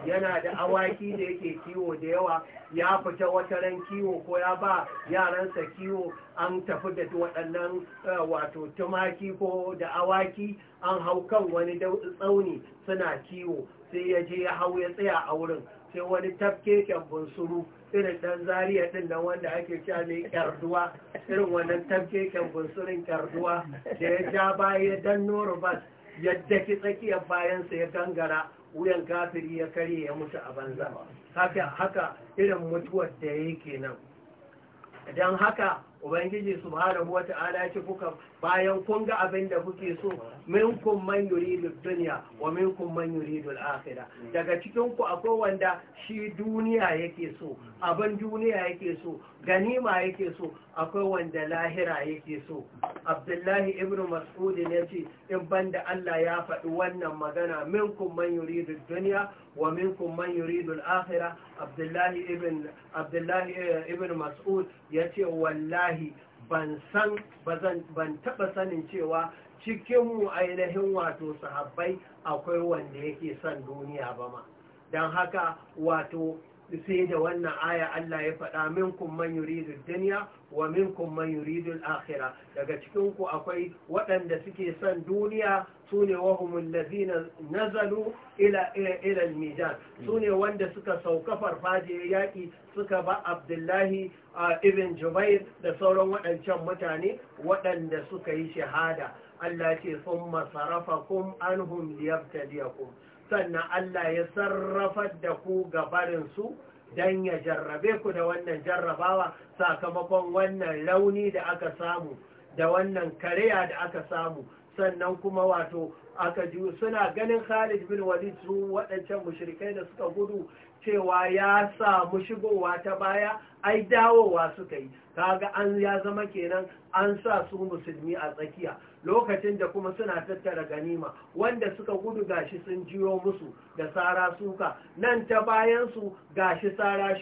A: yana da awaki da yake kiwo da yawa ya fita wata ran kiwo ko ya ba yaransa kiwo an tafi da waɗannan eh, wato tumaki ko da awaki an hau kan wani tsauni suna kiwo sai ya je ya hau ya tsaya a wurin sai wani tafkeken bunsuru irin ɗan zariya ɗin nan wanda ake cewa ne kyarduwa irin wannan tafkeken bunsurin kyarduwa da ya ja baya ya danno rubas ya daki tsakiyar bayansa ya gangara wuyan kafiri ya karye ya mutu a banza haka irin mutuwar da yake nan don haka ubangiji subhanahu wa ta'ala ce kuka bayan kun ga abin da kuke so minkum man yuridu dunya wa minkum man yuridu al-akhirah daga cikin ku akwai wanda shi duniya yake so abin duniya yake so ganima yake so akwai wanda lahira yake so abdullahi ibnu mas'ud ne ce in banda Allah ya faɗi wannan magana minkum man yuridu dunya wa minkum man yuridu al-akhirah abdullahi ibn abdullahi eh, ibn mas'ud yace wallahi wallahi ban san ban taba sanin cewa cikinmu ainihin wato sahabbai akwai wanda yake son duniya ba ma don haka wato sai da wannan aya Allah ya faɗa minkum man yuridu dunya wa minkum man yuridu akhirah daga cikin akwai waɗanda suke son duniya sune wahumul ladina nazalu ila ila al hmm. sune wanda suka sauka farfajiyar yaki suka ba Abdullahi ibn Jubair da sauran waɗancan mutane waɗanda suka yi shahada Allah ce sun masarafakum anhum liyabtaliyakum sannan Allah ya sarrafa da ku gabarin su dan ya jarrabe ku da wannan jarrabawa sakamakon wannan rauni da aka samu da wannan kariya da aka samu sannan kuma wato aka ji suna ganin Khalid bin Walid su waɗancan mushrikai da suka gudu cewa ya samu shigowa ta baya ai dawowa suka yi kaga an ya zama kenan an sa su musulmi a tsakiya lokacin da kuma suna tattara ganima wanda suka gudu gashi sun jiyo musu da sara suka nan ta bayan su gashi sara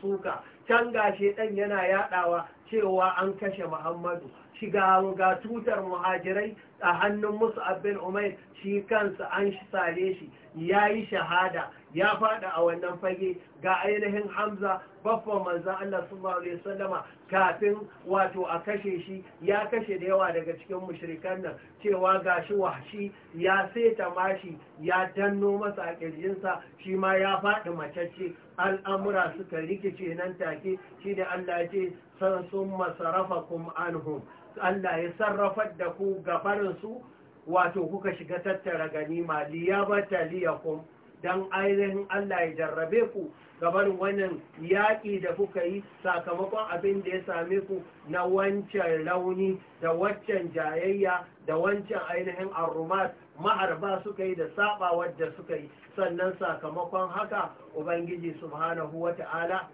A: suka can gashi dan yana yadawa cewa an kashe Muhammadu shiga ga tutar muhajirai a hannun musu abin umar shi kansa an sare shi ya yi shahada ya fada a wannan fage ga ainihin hamza babban manzan Allah sallallahu alaihi kafin wato a kashe shi ya kashe da yawa daga cikin mushrikan nan cewa gashi shi ya seta mashi ya danno masa a kirjinsa shi ma ya faɗi macece al'amura suka rikice nan take shi da Allah ce san sun masarafakum anhum Allah ya sarrafa da ku gafarinsu wato kuka shiga tattara ganima liyabata liyakum don ainihin Allah ya jarrabe ku gabarin wannan yaƙi da kuka yi sakamakon abin da ya same ku na wancan launi da waccan jayayya da wancan ainihin arrumat ma'arba suka yi da saba wadda suka yi sannan sakamakon haka ubangiji subhanahu wata'ala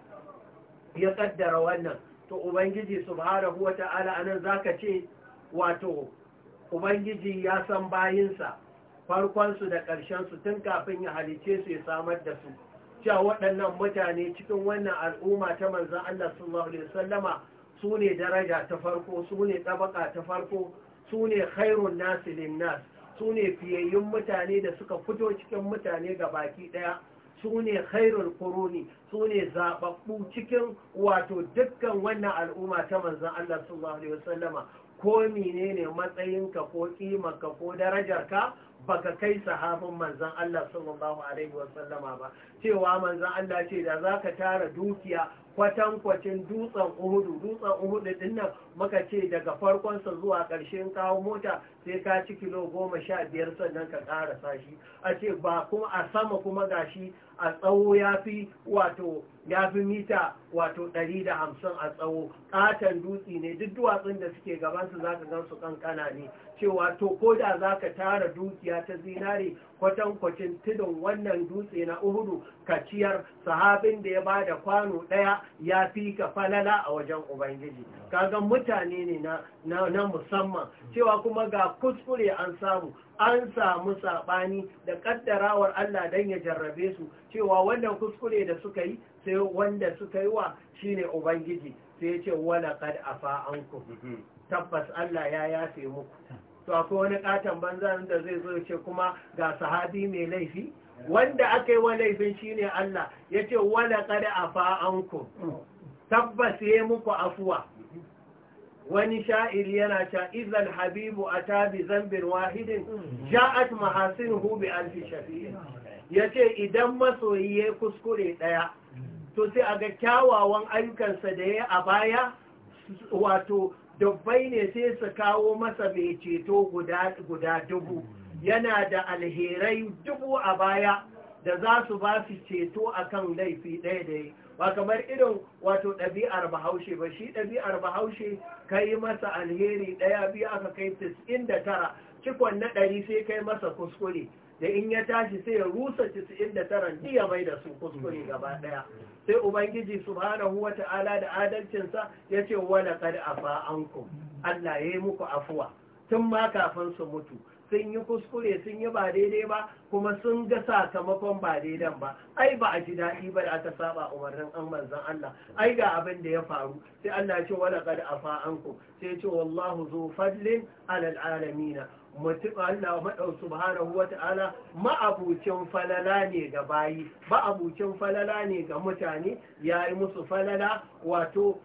A: ya kaddara wannan to ubangiji subhanahu wata'ala anan zaka ce wato ubangiji ya san bayinsa farkonsu da su tun kafin ya halice su ya samar da su cewa waɗannan mutane cikin wannan al'umma ta manzan Allah sallallahu alaihi wasallama su ne daraja ta farko su ne tabaka ta farko su ne khairun nasilin nas su ne fiyayyun mutane da suka fito cikin mutane ga baki ɗaya su ne khairul kuruni su ne zaɓaɓɓu cikin wato dukkan wannan al'umma ta manzan Allah sallallahu Alaihi wasallama ko menene matsayinka ko ƙimarka ko darajarka baka kai sahabin manzan Allah sallallahu Alaihi wasallama ba cewa manzan Allah ce da za ka tara dukiya kwatankwacin dutsen uhudu dutsen uhudu dinnan maka muka ce daga farkonsa zuwa ƙarshen kawo mota sai ka ci kilo goma sha biyar sannan ka ƙarasa shi a ce ba kuma a sama kuma gashi a tsawo ya fi wato ya fi mita wato ɗari da hamsin a tsawo ƙaton dutse ne duk duwatsun da suke gabansu za ka gan su kankana ne cewa to ko da za ka tara dukiya ta zinare kwatankwacin tudun wannan dutse na uhudu ka ciyar sahabin da ya bada kwano ɗaya ya fi ka falala a wajen ubangiji kaga mutane ne na musamman cewa kuma ga kuskure an samu an samu saɓani da ƙaddarawar Allah don ya jarrabe su cewa wannan kuskure da suka yi sai wanda suka yi wa shine ubangiji sai ya ce wala kad afa anku tabbas Allah ya yafe muku to akwai wani katon banza da zai zo ce kuma ga sahabi mai laifi wanda aka yi wa laifin shine Allah ya ce wala kad afa anku tabbas ya muku afuwa wani sha'iri yana cewa izal habibu ata bi zambin wahidin mm. ja'at mahasin hubi alfi shafi'in yace idan masoyi ya kuskure ɗaya to sai a ga kyawawan ayyukansa da ya a baya wato dabbai ne sai su kawo masa mai ceto guda dubu yana da alherai dubu a baya da za su ba su ceto akan laifi ɗaya da ba kamar irin wato ɗabi'ar bahaushe ba shi ɗabi'ar bahaushe ka yi masa alheri ɗaya biyu aka kai tis'in da tara cikon na ɗari sai kai masa kuskure da in ya tashi sai ya rusa tis'in da tara ni ya mai da su kuskure gaba ɗaya sai ubangiji subhanahu wa ta'ala da adalcinsa ya ce wala kad afa ankum Allah ya yi muku afuwa tun ma kafin su mutu sun yi kuskure sun yi ba daidai ba kuma sun ga sakamakon ba daidan ba ai ba a ji daɗi ba da aka saba umarnin an manzan Allah ai ga abin da ya faru sai Allah ya ce wala qad afa anku sai ya ce wallahu zu fadlin alal alamin mutum Allah madau subhanahu wata'ala ma'abucin falala ne ga bayi ma'abucin falala ne ga mutane yayi musu falala wato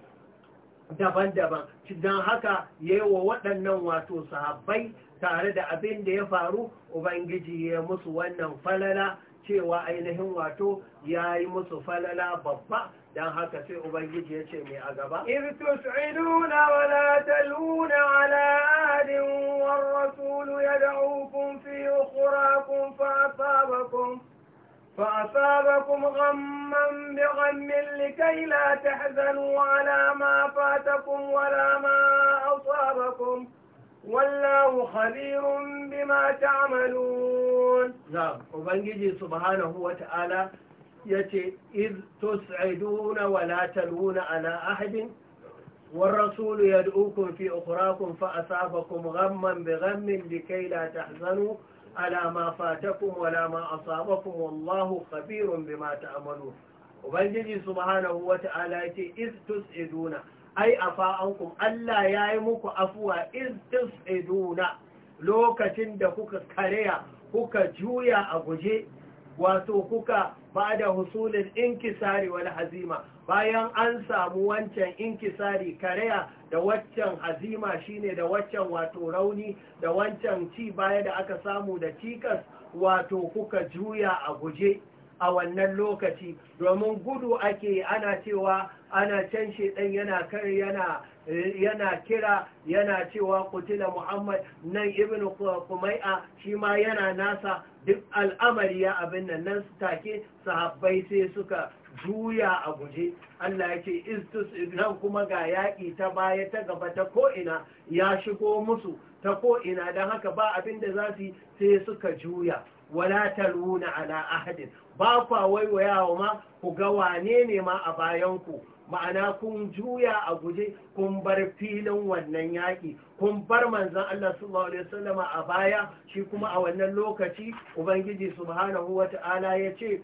A: daban-daban don haka yayi wa waɗannan wato sahabbai tare da abin da ya faru ubangiji ya musu wannan falala cewa ainihin wato ya yi musu falala babba don haka sai ubangiji ya ce mai a
B: gaba in tus'iduna wa la taluna ala ahadin war rasul yad'ukum fi ukhrakum fa asabakum فأصابكم غما بغم لكي لا تحزنوا على ما فاتكم ولا ما أصابكم والله خبير بما تعملون
A: نعم وبنجي سبحانه وتعالى يتي إذ تسعدون ولا تلوون على أحد والرسول يدعوكم في أخراكم فأصابكم غما بغم لكي لا تحزنوا على ما فاتكم ولا ما أصابكم والله خبير بما تعملون وبنجي سبحانه وتعالى يتي إذ تسعدون ai afa ankum Allah ya yi muku afuwa iz tus'iduna lokacin da kuka kareya kuka juya a guje wato kuka ba da husulin inkisari wal hazima bayan an samu wancan inkisari kareya da waccan hazima shine da waccan wato rauni da wancan ci baya da aka samu da cikas wato kuka juya a guje a wannan lokaci domin gudu ake ana cewa ana can shedan yana kar yana yana kira yana cewa kutila muhammad nan ibn kumai'a shi ma yana nasa duk al'amari ya abin nan nan take sahabbai sai suka juya a guje Allah ya ce istus nan kuma ga yaƙi ta baya ta gaba ta ko'ina ya shigo musu ta ko'ina don haka ba abin da za su sai suka juya wala taluna ala ahadin ba kwa waiwayawa ma ku ga wane ne ma a bayanku ma'ana kun juya a guje kun bar filin wannan yaƙi kun bar manzan Allah sallallahu alaihi wasallam a baya shi kuma a wannan lokaci ubangiji subhanahu ta'ala ya ce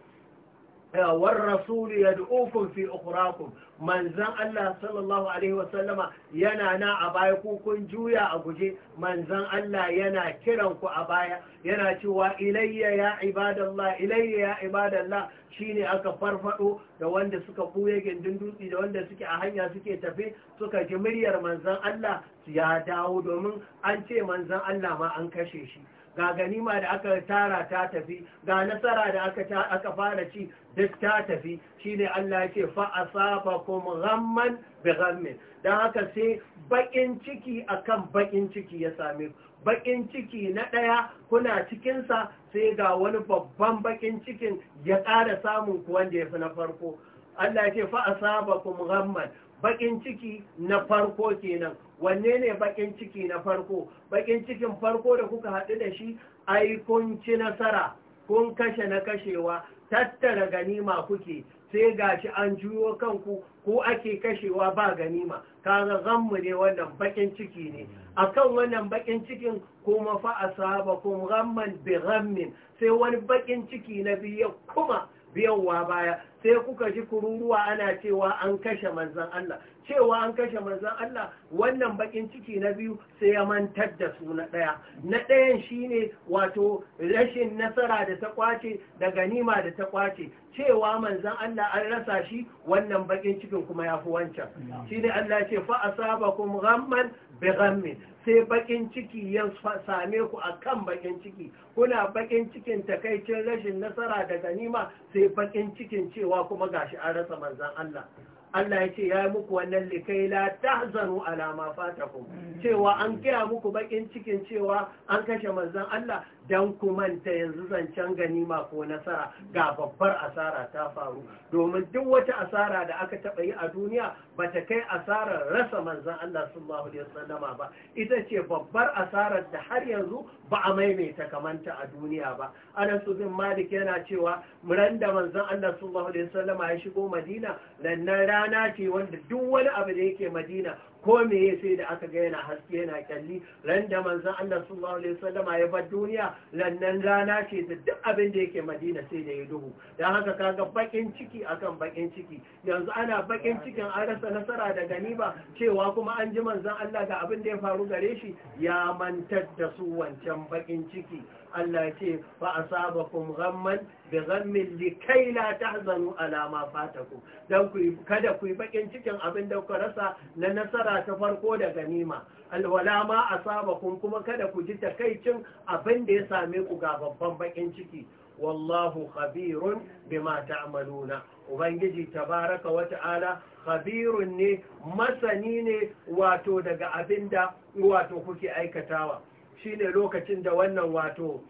A: wan rasulu yad'ukum fi ukhraakum manzan Allah sallallahu alaihi wa sallama yana na a baya ku kun juya a guje manzan Allah yana kiran ku a baya yana cewa ilayya ya ibadallah ilayya ya ibadallah shine aka farfado da wanda suka buye gindin dutse da wanda suke a hanya suke tafi suka ji muryar manzan Allah ya dawo domin an ce manzan Allah ma an kashe shi ga ganima da aka tara ta tafi ga nasara da aka aka fara ci duk ta tafi shine Allah yake fa asabakum ghamman bi ghammin dan haka sai bakin ciki akan bakin ciki ya same ku. bakin ciki na daya kuna cikin sa sai ga wani babban bakin cikin ya ƙara samun ku wanda ya fi na farko Allah yake fa asabakum ghamman bakin ciki na farko kenan wanne ne bakin ciki na farko bakin cikin farko da kuka haɗu da shi ai kun ci nasara kun kashe na kashewa tattara ganima kuke sai gashi an juyo kanku ko ake kashewa ba ganima kaga zanmu ne wannan bakin ciki ne akan wannan bakin cikin kuma fa asaba kum ghamman bi ghammin sai wani bakin ciki na biyan kuma biyawa baya sai kuka ji kururuwa ana cewa an kashe manzan Allah cewa an kashe manzan Allah wannan bakin ciki na biyu sai ya mantar da su na ɗaya na ɗayan shine wato rashin nasara da ta kwace da ganima da ta kwace cewa manzan Allah an rasa shi wannan bakin cikin kuma ya fi wancan shine Allah ce fa asabakum ghamman bi ghammin sai bakin ciki ya same ku a kan bakin ciki kuna bakin cikin takaicin rashin nasara da ganima sai bakin cikin cewa kuma gashi an rasa manzan Allah Allah ya ce ya yi muku wannan likai la tahzanu ala ma fatakum cewa an kira muku bakin cikin cewa an kashe manzan Allah dan ku manta yanzu zancen ganima ko nasara ga babbar asara ta faru domin duk wata asara da aka taɓa yi a duniya ba ta kai asarar rasa manzan Allah sallallahu Alaihi sallama ba ita ce babbar asarar da har yanzu ba a maimaita kamanta a duniya ba anas bin malik yana cewa muran da manzan Allah sallallahu Alaihi sallama ya shigo madina rannan rana ce wanda duk wani abu da yake madina ko me ya sai da aka ga yana haske yana kyalli ran da manzan Allah sallallahu alaihi ya bar duniya lannan rana ce da duk abin da yake Madina sai da ya duhu dan haka kaga bakin ciki akan bakin ciki yanzu ana bakin cikin an rasa nasara da ganiba cewa kuma an ji manzan Allah ga abin da ya faru gare shi ya mantar da su wancan bakin ciki Allah ce ba a saba bi ghammin likai la tahzanu ala ma fatakum dan ku kada ku yi bakin cikin abin da ku rasa na nasara ta farko da ganima alwala ma a asabakum kuma kada ku ji takaicin abin da ya same ku ga babban bakin ciki wallahu khabirun bima ta'maluna ubangiji tabaraka Ta'ala. khabirun ne masani ne wato daga abinda wato kuke aikatawa shine lokacin da wannan wato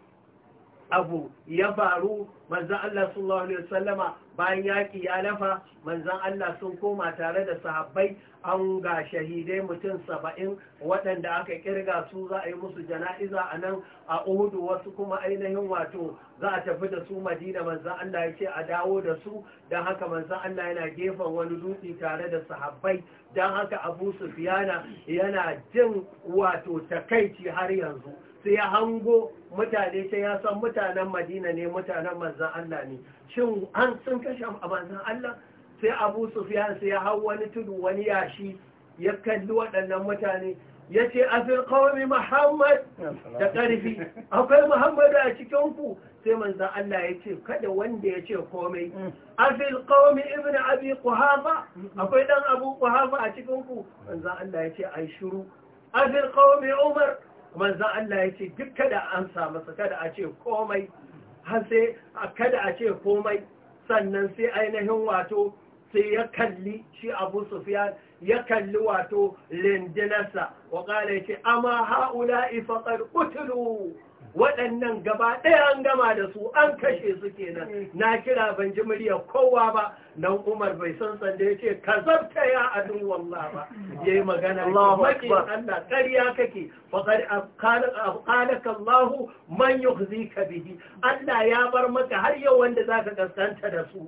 A: abu ya faru manzan Allah sallallahu Alaihi wasallama bayan yaƙi ya lafa manzan Allah sun koma tare da sahabbai an ga shahidai mutum saba'in waɗanda aka ƙirga su za a yi musu jana'iza a nan a uhudu wasu kuma ainihin wato za a tafi da su madina manzan Allah ya ce a dawo da su don haka manzan Allah yana gefen wani dutse tare da sahabbai don haka abu sufiyana yana jin wato takaici har yanzu sai ya hango mutane ta ya san mutanen madina ne mutanen manzan Allah ne shin an sun kashe a manzan Allah sai abu sufiyan sai ya hau wani tudu wani yashi ya kalli waɗannan mutane ya ce a kawai muhammad da ƙarfi
B: akwai muhammadu
A: a cikinku sai manzan Allah ya ce kada wanda ya ce komai a kawai ibn abi kuhafa akwai ɗan abu kuhafa a cikinku manzan Allah ya ce a shiru a kawai umar manzan Allah ya ce duk kada an samu su kada a ce komai har sai kada a ce komai sannan sai ainihin wato sai ya kalli shi abu sufiyan ya kalli wato lindinarsa wa ƙara ya ce amma ha'ula ifakar kutulu waɗannan gaba ɗaya an gama da su an kashe su kenan na kira ban ji murya kowa ba nan umar bai san sanda ya ce ka zabta ya adun wallah ba ya yi magana maki Allah ƙarya kake faƙar ƙalaka man yuhzi ka bihi Allah ya bar maka har yau wanda za ka kaskanta da su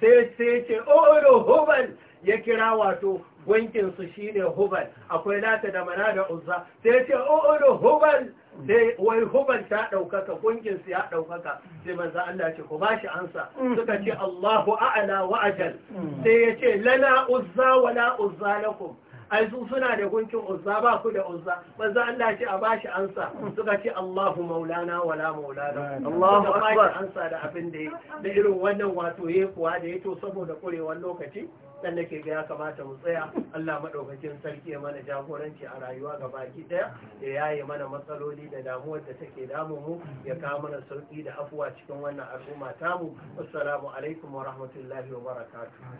A: sai sai ce oh hubal ya kira wato gwankinsu shine hubal akwai lata da mana da uzza sai ce oro oh, hubal sai wai huban ta ɗaukaka ƙungin su ya ɗaukaka sai manzo Allah ce ku bashi ansa suka ce Allahu a'ana wa ajal mm. sai ya ce lana uzza wa la uzza lakum ai su suna da gunkin uzza ba ku da uzza manzo Allah ce a bashi ansa suka ce Allahu maulana wala maulana Allahu akbar ansa da abin da da irin wannan wato yayi kuwa da yato saboda kurewar lokaci dan nake ga ya kamata mu tsaya Allah madaukakin sarki ya mana jagoranci a rayuwa ki daya ya yaye mana matsaloli da damuwar da take damu mu ya kawo mana sauki da afuwa cikin wannan al'umma tamu assalamu alaikum wa rahmatullahi wa barakatuh